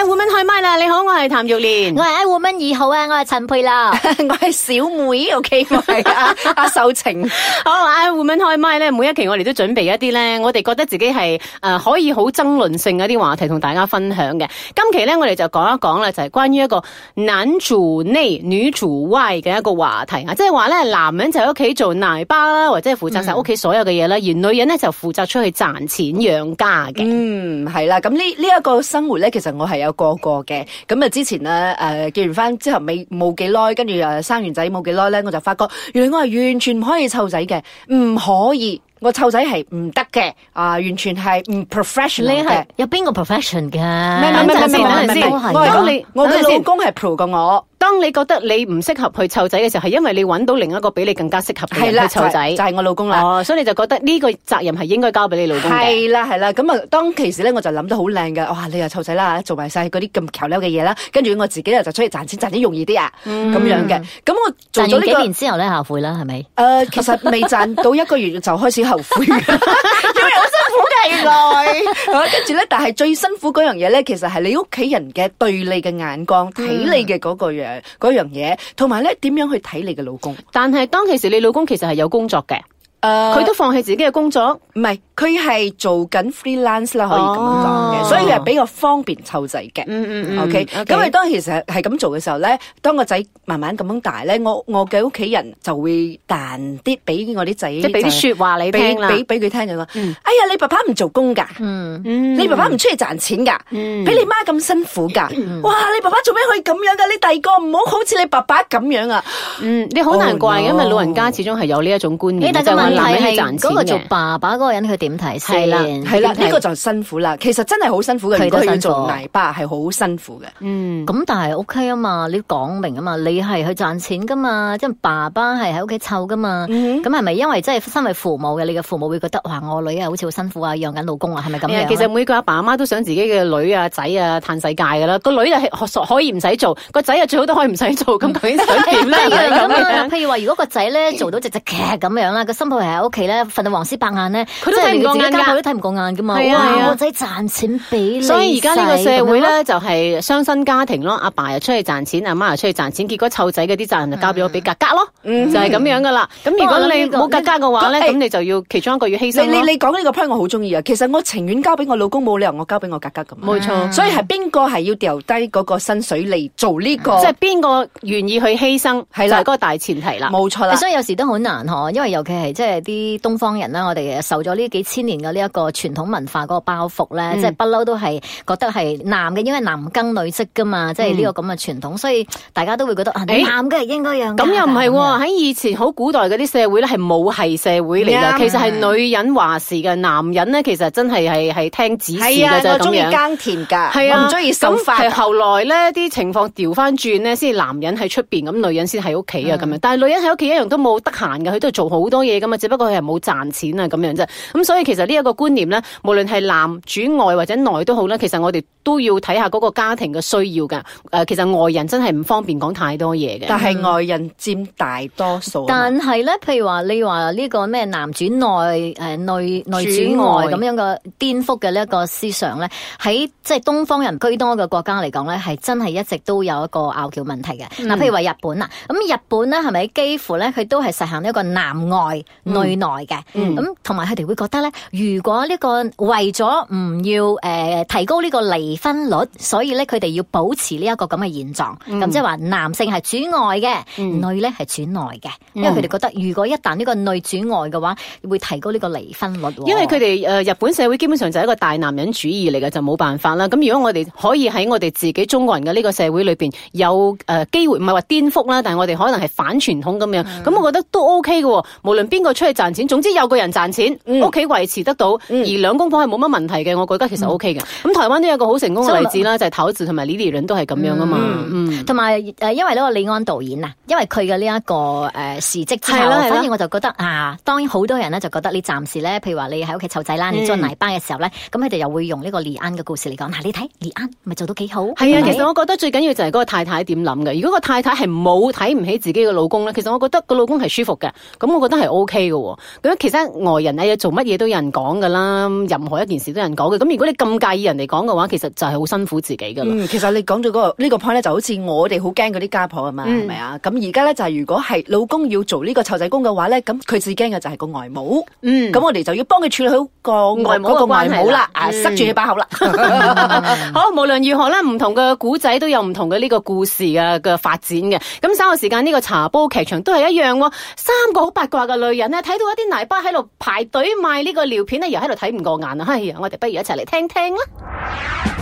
Iwoman 開唛啦！你好，我係譚玉蓮、哎。我係 Iwoman 二號啊，啊哎、我係陳佩啦，我係小妹，O K，我係啊阿秀晴。好，Iwoman 開唛咧，每一期我哋都準備一啲咧，我哋覺得自己係誒可以好爭論性嘅一啲話題同大家分享嘅。今期咧，我哋就講一講啦就係、是、關於一個男主內女主外嘅一個話題啊，即係話咧，男人就喺屋企做奶爸啦，或者係負責晒屋企所有嘅嘢啦，嗯、而女人咧就負責出去賺錢養家嘅。嗯，係啦，咁呢呢一個生活咧，其實我係有。個個嘅咁啊！之前咧誒，結完婚之後未冇幾耐，跟住又生完仔冇幾耐咧，我就發覺，原來我係完全唔可以湊仔嘅。唔可以，我湊仔係唔得嘅啊！完全係唔 professional 嘅。有邊個 professional 噶？等等先，我等等先，我嘅老公係 pro 嘅我。當你覺得你唔適合去湊仔嘅時候，係因為你揾到另一個比你更加適合嘅人去湊仔，就係、是、我老公啦。哦，所以你就覺得呢個責任係應該交俾你老公嘅。係啦係啦，咁啊，當其時咧我就諗得好靚嘅哇！你又湊仔啦，做埋晒嗰啲咁求嬲嘅嘢啦，跟住我自己咧就出去賺錢，賺錢容易啲啊，咁、嗯、樣嘅。咁我賺咗、這個、幾年之後咧後悔啦，係咪？誒、呃，其實未賺到一個月就開始後悔。 好期待，跟住咧，但係最辛苦嗰樣嘢咧，其實係你屋企人嘅對你嘅眼光，睇、嗯、你嘅嗰、嗰個樣，嗰樣嘢，同埋咧，點樣去睇你嘅老公？但係當其時你老公其實係有工作嘅，誒、呃，佢都放棄自己嘅工作，唔係。佢係做緊 freelance 啦，可以咁樣講嘅，所以佢係比較方便湊仔嘅。嗯嗯 O K，咁佢當其實係咁做嘅時候咧，當個仔慢慢咁樣大咧，我我嘅屋企人就會彈啲俾我啲仔，即係俾啲說話你聽俾俾佢聽就話：哎呀，你爸爸唔做工㗎，你爸爸唔出去賺錢㗎，俾你媽咁辛苦㗎。哇，你爸爸做咩可以咁樣㗎？你第二個唔好好似你爸爸咁樣啊。嗯，你好難怪，因為老人家始終係有呢一種觀念，就話男人係賺錢嘅。嗰個做爸爸嗰個人佢哋。點睇？係啦，係啦，呢個就辛苦啦。其實真係好辛苦嘅，佢要做奶爸，係好辛苦嘅。嗯，咁但係 O K 啊嘛，你要講明啊嘛，你係去賺錢噶嘛，即係爸爸係喺屋企湊噶嘛。咁係咪因為真係身為父母嘅你嘅父母會覺得話，我女啊好似好辛苦啊，養緊老公啊，係咪咁樣？其實每個阿爸阿媽都想自己嘅女啊仔啊嘆世界噶啦，個女又可以唔使做，個仔啊最好都可以唔使做咁。究竟想點咧咁樣啦。譬如話如果個仔咧做到只只劇咁樣啦，個新抱係喺屋企咧瞓到黃絲白眼咧，佢都。自己家婆都睇唔過眼噶嘛，我仔賺錢俾，所以而家呢個社會咧就係雙薪家庭咯，阿爸又出去賺錢，阿媽又出去賺錢，結果湊仔嗰啲責任就交俾我俾格格咯，就係咁樣噶啦。咁如果你冇格格嘅話咧，咁你就要其中一個要犧牲咯。你你講呢個 plan 我好中意啊，其實我情願交俾我老公，冇理由我交俾我格格噶。冇錯，所以係邊個係要掉低嗰個薪水嚟做呢個？即係邊個願意去犧牲？係啦，嗰個大前提啦，冇錯啦。所以有時都好難嗬，因為尤其係即係啲東方人啦，我哋受咗呢幾千年嘅呢一個傳統文化嗰個包袱咧，即係不嬲都係覺得係男嘅，因為男耕女織噶嘛，即係呢個咁嘅傳統，所以大家都會覺得男嘅應該要咁。又唔係喎，喺以前好古代嗰啲社會咧係母系社會嚟㗎，其實係女人話事嘅，男人咧其實真係係係聽指示㗎啫咁樣。我中意耕田㗎，我唔中意咁。係後來咧啲情況調翻轉咧，先係男人喺出邊，咁女人先喺屋企啊咁樣。但係女人喺屋企一樣都冇得閒㗎，佢都做好多嘢㗎嘛，只不過佢係冇賺錢啊咁樣啫。咁所以其實呢一個觀念咧，無論係男主外或者內都好咧，其實我哋都要睇下嗰個家庭嘅需要㗎。誒、呃，其實外人真係唔方便講太多嘢嘅。嗯、但係外人佔大多數。但係咧，譬如話你話呢個咩男主內誒女女主外咁樣嘅顛覆嘅呢一個思想咧，喺即係東方人居多嘅國家嚟講咧，係真係一直都有一個拗撬問題嘅。嗱、嗯，譬如話日本啊，咁日本咧係咪幾乎咧佢都係實行一個男外女內嘅？嗯。咁同埋佢哋會覺得。如果呢、這個為咗唔要誒、呃、提高呢個離婚率，所以咧佢哋要保持呢一個咁嘅現狀，咁、嗯、即係話男性係主外嘅，嗯、女咧係主內嘅，嗯、因為佢哋覺得如果一旦呢個女主外嘅話，會提高呢個離婚率、哦。因為佢哋誒日本社會基本上就係一個大男人主義嚟嘅，就冇辦法啦。咁如果我哋可以喺我哋自己中國人嘅呢個社會裏邊有誒機、呃、會，唔係話顛覆啦，但係我哋可能係反傳統咁樣，咁、嗯、我覺得都 OK 嘅、哦。無論邊個出去賺錢，總之有個人賺錢，屋企、嗯。維持得到，而兩公婆係冇乜問題嘅，我覺得其實 O K 嘅。咁、嗯、台灣都有個好成功嘅例子啦，就係陶子同埋李連潤都係咁樣噶嘛。同埋、嗯嗯、因為呢個李安導演啊，因為佢嘅呢一個誒事跡之後，了反而我就覺得了啊，當然好多人咧就覺得你暫時咧，譬如話你喺屋企湊仔啦，嗯、你做奶爸嘅時候咧，咁佢哋又會用呢個李安嘅故事嚟講，嗱，你睇李安咪做到幾好？係啊，其實我覺得最緊要就係嗰個太太點諗嘅。如果個太太係冇睇唔起自己嘅老公咧，其實我覺得個老公係舒服嘅，咁我覺得係 O K 嘅。咁其實外人咧做乜嘢？都有人講噶啦，任何一件事都有人講嘅。咁如果你咁介意人哋講嘅話，其實就係好辛苦自己噶啦、嗯。其實你講咗嗰個呢個 point 咧，就好似我哋好驚嗰啲家婆啊嘛，係咪啊？咁而家咧就係如果係老公要做呢個臭仔公嘅話咧，咁佢最驚嘅就係個外母。嗯，咁我哋就要幫佢處理好個外母嘅關係。外母好啦，塞住佢把口啦。嗯、 好，無論如何啦，唔同嘅古仔都有唔同嘅呢個故事嘅嘅發展嘅。咁稍後時間呢個茶煲劇場都係一樣喎。三個好八卦嘅女人呢，睇到一啲奶爸喺度排隊賣。呢個尿片咧又喺度睇唔過眼啊！哎呀，我哋不如一齊嚟聽聽啦。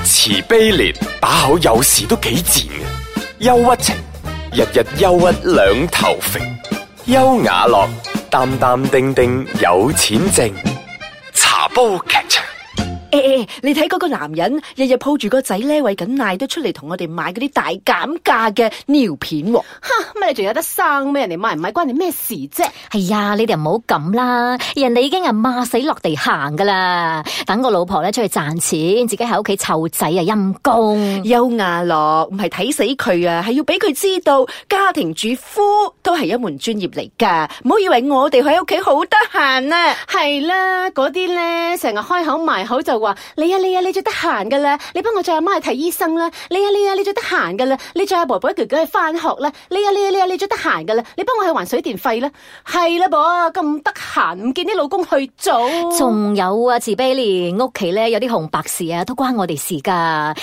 慈悲念，把口有時都幾賤嘅。憂鬱情，日日憂鬱兩頭肥。優雅樂，淡淡定定有錢剩，茶煲劇。誒誒、欸，你睇嗰個男人日日抱住個仔咧，餵緊奶都出嚟同我哋買嗰啲大減價嘅尿片喎。吓，乜你仲有得生？咩人哋買唔買關你咩事啫？係、哎、呀，你哋唔好咁啦，人哋已經係馬死落地行噶啦，等個老婆咧出去賺錢，自己喺屋企湊仔啊，陰功。優雅樂唔係睇死佢啊，係要俾佢知道家庭主夫都係一門專業嚟噶，唔好以為我哋喺屋企好得閒啊。係啦，嗰啲咧成日開口埋口就。話你啊你啊你最得閒噶啦，你幫我再阿媽去睇醫生啦。你啊你啊你最得閒噶啦，你再阿伯伯哥哥去翻學啦。你啊你啊你啊你最得閒噶啦，你幫我去還水電費啦。係啦噃，咁得閒唔見啲老公去做。仲有啊，慈悲蓮屋企咧有啲紅白事啊，都關我哋事噶。呢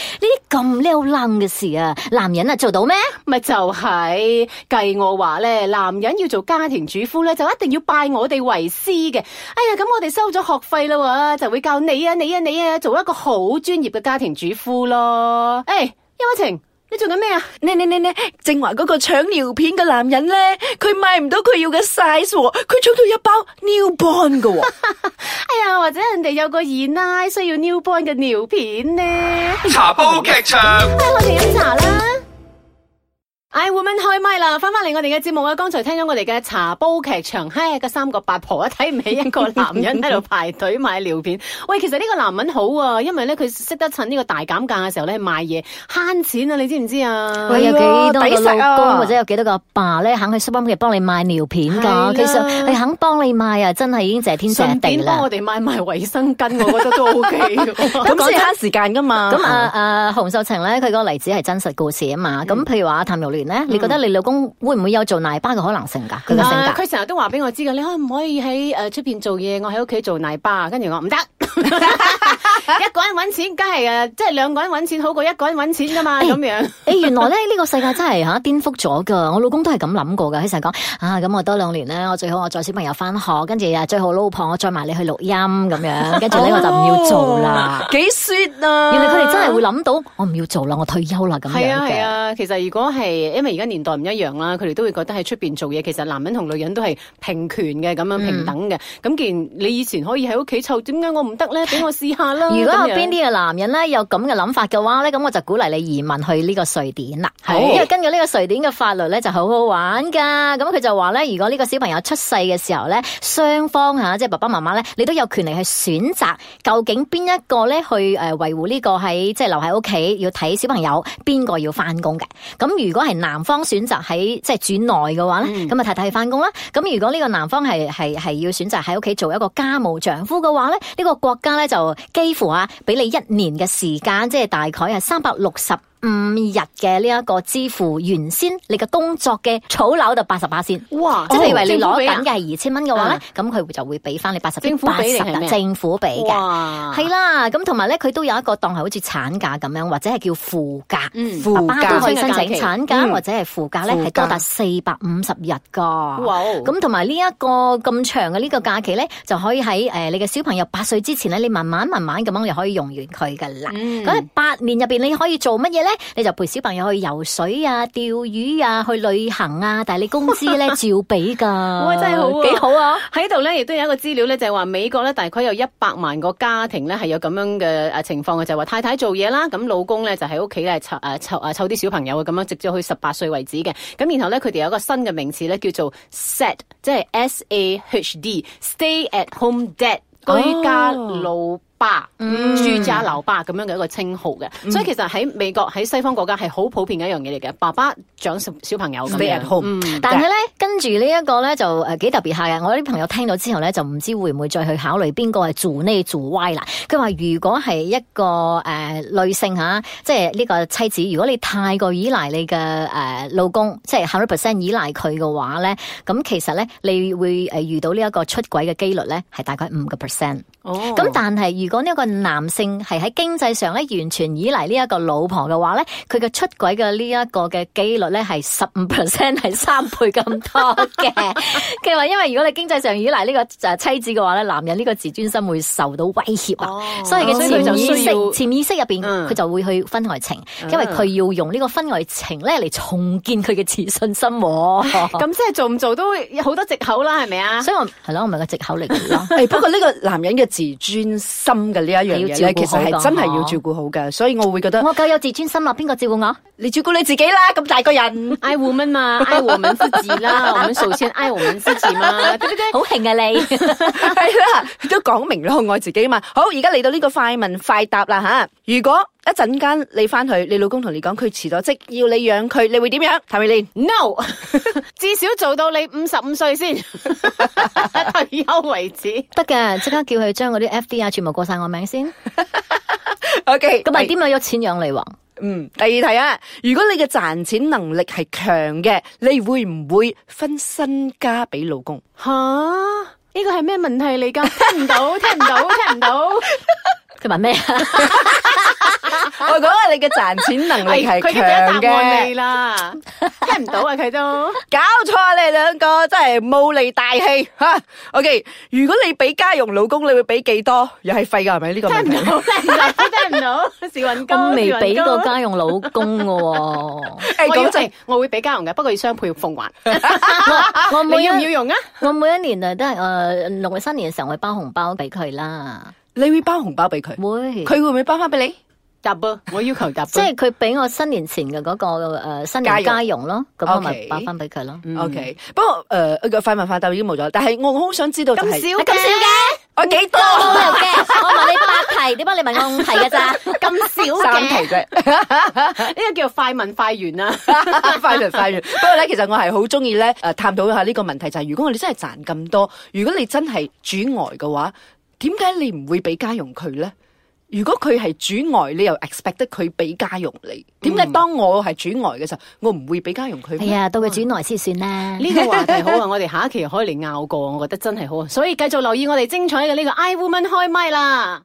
啲咁撩楞嘅事啊，男人啊做到咩？咪就係計我話咧，男人要做家庭主婦咧，就一定要拜我哋為師嘅。哎呀，咁我哋收咗學費啦，就會教你啊你啊。你啊，做一個好專業嘅家庭主婦咯！哎、欸，邱偉晴，你做緊咩啊？你你你你，正話嗰個搶尿片嘅男人咧，佢買唔到佢要嘅 size，佢搶到一包 newborn 嘅喎。 哎呀，或者人哋有個二奶需要 newborn 嘅尿片呢？茶煲劇場，哎， 我哋飲茶啦。I Woman 開唛啦，翻翻嚟我哋嘅節目啊！剛才聽咗我哋嘅茶煲劇場，嗨、哎！個三個八婆啊，睇唔起一個男人喺度排隊買尿片。 喂，其實呢個男人好啊，因為咧佢識得趁呢個大減價嘅時候咧賣嘢慳錢啊！你知唔知啊？係啊，抵食啊！或者有幾多個阿爸咧肯去 supermarket 幫你買尿片噶？的其實佢肯幫你買啊，真係已經謝天謝地啦！順便幫我哋買埋衛生巾，我覺得都 OK。咁慳時間噶嘛？咁啊、嗯、啊，洪秀晴咧，佢個例子係真實故事啊嘛。咁譬如話探玉你覺得你老公會唔會有做奶爸嘅可能性㗎？佢個、嗯、性格，佢成日都話俾我知嘅，你可唔可以喺出面做嘢？我喺屋企做奶爸，跟住我唔得。不行 一個人搵錢，梗係誒，即係兩個人搵錢好過一個人搵錢噶嘛，咁、欸、樣。誒、欸，原來咧呢個世界真係吓顛覆咗噶。我老公都係咁諗過噶，佢成日講啊，咁我多兩年咧，我最好我載小朋友返學，跟住啊最好老婆我載埋你去錄音咁樣，跟住呢我就唔要做啦。幾 sweet、哦、啊！原來佢哋真係會諗到，我唔要做啦，我退休啦咁樣嘅。係係啊，啊，其實如果係，因為而家年代唔一樣啦，佢哋都會覺得喺出邊做嘢，其實男人同女人都係平權嘅，咁樣平等嘅。咁、嗯、既然你以前可以喺屋企湊，點解我唔得？俾我試下啦。如果有邊啲嘅男人咧有咁嘅諗法嘅話咧，咁我就鼓勵你移民去呢個瑞典啦。係，oh. 因為根據呢個瑞典嘅法律咧，就好好玩噶。咁佢就話咧，如果呢個小朋友出世嘅時候咧，雙方吓，即係爸爸媽媽咧，你都有權利去選擇究竟邊一個咧去誒維護呢個喺即係留喺屋企要睇小朋友，邊個要翻工嘅。咁如果係男方選擇喺即係轉內嘅話咧，咁啊、mm. 太太去翻工啦。咁如果呢個男方係係係要選擇喺屋企做一個家務丈夫嘅話咧，呢個國國家咧就幾乎啊，俾你一年嘅時間，即係大概啊三百六十五日嘅呢一個支付，原先你嘅工作嘅草樓就八十巴仙。哇！即係以為你攞緊嘅係二千蚊嘅話咧，咁佢就會俾翻你八十。政府俾政府俾嘅係哇啦。咁同埋咧，佢都有一個當係好似產假咁樣，或者係叫父假、父假、嗯、爸爸都可以申請產假、嗯、或者係父假咧，係假多達四百五十日噶。哇、哦！咁同埋呢一個咁長嘅呢個假期咧，就可以喺你嘅小朋友八歲之前咧，你慢慢慢慢咁樣又可以用完佢噶啦。咁喺八、嗯、年入面，你可以做乜嘢咧？你就陪小朋友去游水啊、釣魚啊、去旅行啊，但係你工資咧照俾噶 哇，真係好，幾好啊！喺度咧亦都有一個資料咧，就係話，美國咧大概有一百萬個家庭咧係有咁樣嘅誒情況嘅，就係、是、話太太做嘢啦，咁老公咧就喺屋企咧湊誒湊湊啲小朋友嘅咁樣，直至去十八歲為止嘅。咁然後咧佢哋有一個新嘅名詞咧叫做 s e t 即係 S A H D，Stay at Home Dad，居家老爸，住巴、嗯、家老爸咁樣嘅一個稱號嘅，嗯、所以其實喺美國喺西方國家係好普遍嘅一樣嘢嚟嘅。爸爸長小朋友咁樣，at home, 嗯、但係咧對 跟住呢一個咧就誒幾特別下嘅。我啲朋友聽到之後咧就唔知會唔會再去考慮邊個係做呢做歪啦。佢話如果係一個誒女、呃、性吓，即係呢個妻子，如果你太過依賴你嘅誒、呃、老公，即係好多 percent 依賴佢嘅話咧，咁其實咧你會誒遇到呢一個出軌嘅幾率咧係大概五個 percent。咁、哦、但係如果呢一個男性係喺經濟上咧完全依賴呢一個老婆嘅話咧，佢嘅出軌嘅呢一個嘅幾率咧係十五 percent 係三倍咁多嘅。佢話 因為如果你經濟上依賴呢個妻子嘅話咧，男人呢個自尊心會受到威脅啊，哦、所以佢就意識潛意識入邊佢就會去婚外情，嗯、因為佢要用呢個婚外情咧嚟重建佢嘅自信心。咁即係做唔做都有好多藉口啦，係咪啊？所以我係咯，我咪個藉口嚟咯。 不過呢個男人嘅。自尊心嘅呢一樣嘢咧，其實係真係要照顧好嘅，嗯、所以我會覺得我夠有自尊心啦，邊個照顧我？你照顧你自己啦，咁大個人，愛我們嘛，愛我們自己啦， 我們首先愛我們自己嘛，對不對？好慶啊你，係 啦，都講明咯，愛自己嘛。好，而家嚟到呢個快問快答啦吓，如果。一陣間你翻去，你老公同你講佢辭咗職，要你養佢，你會點樣？係咪你 No 至少做到你五十五歲先 退休為止。得嘅，即刻叫佢將嗰啲 f d a 全部過晒我名先。 ok，咁咪點解有錢養你喎？ 嗯，第二題啊，如果你嘅賺錢能力係強嘅，你會唔會分身家俾老公？吓，呢個係咩問題嚟噶？ 聽唔到，聽唔到，聽唔到。 即係問咩啊？ 我講，係你嘅賺錢能力係強嘅。佢嘅、哎、你啦，聽唔到啊！佢都 搞錯啊！你兩個真係冇厘大氣吓。OK，如果你俾家用老公，你會俾幾多？又係廢噶係咪？呢個真唔好，唔到 時運金。我未俾過家用老公嘅。誒，講真，我會俾家用嘅，不過要雙倍奉還。我每要唔要用啊？我每一年誒都係誒農曆新年嘅時候，我會包紅包俾佢啦。你會包紅包俾佢，會佢會唔會包翻俾你？答啵，我要求答。即係佢俾我新年前嘅嗰個誒新年家用咯，咁樣咪包翻俾佢咯。OK，不過誒快問快答已經冇咗，但係我我好想知道咁少咁少嘅，我幾多嘅？我問你八題點解你問我五題嘅咋？咁少三題啫，呢個叫做快問快完啦，快問快完。不過咧，其實我係好中意咧誒探討一下呢個問題，就係如果我哋真係賺咁多，如果你真係主外嘅話。點解你唔會俾家用佢咧？如果佢係主外，你又 expect 得佢俾家用你？點解當我係主外嘅時候，我唔會俾家用佢？係、哎、啊，到佢主內先算啦。呢個話題好啊， 我哋下一期可以嚟拗過，我覺得真係好啊。所以繼續留意我哋精彩嘅呢個 I Woman 開唛啦。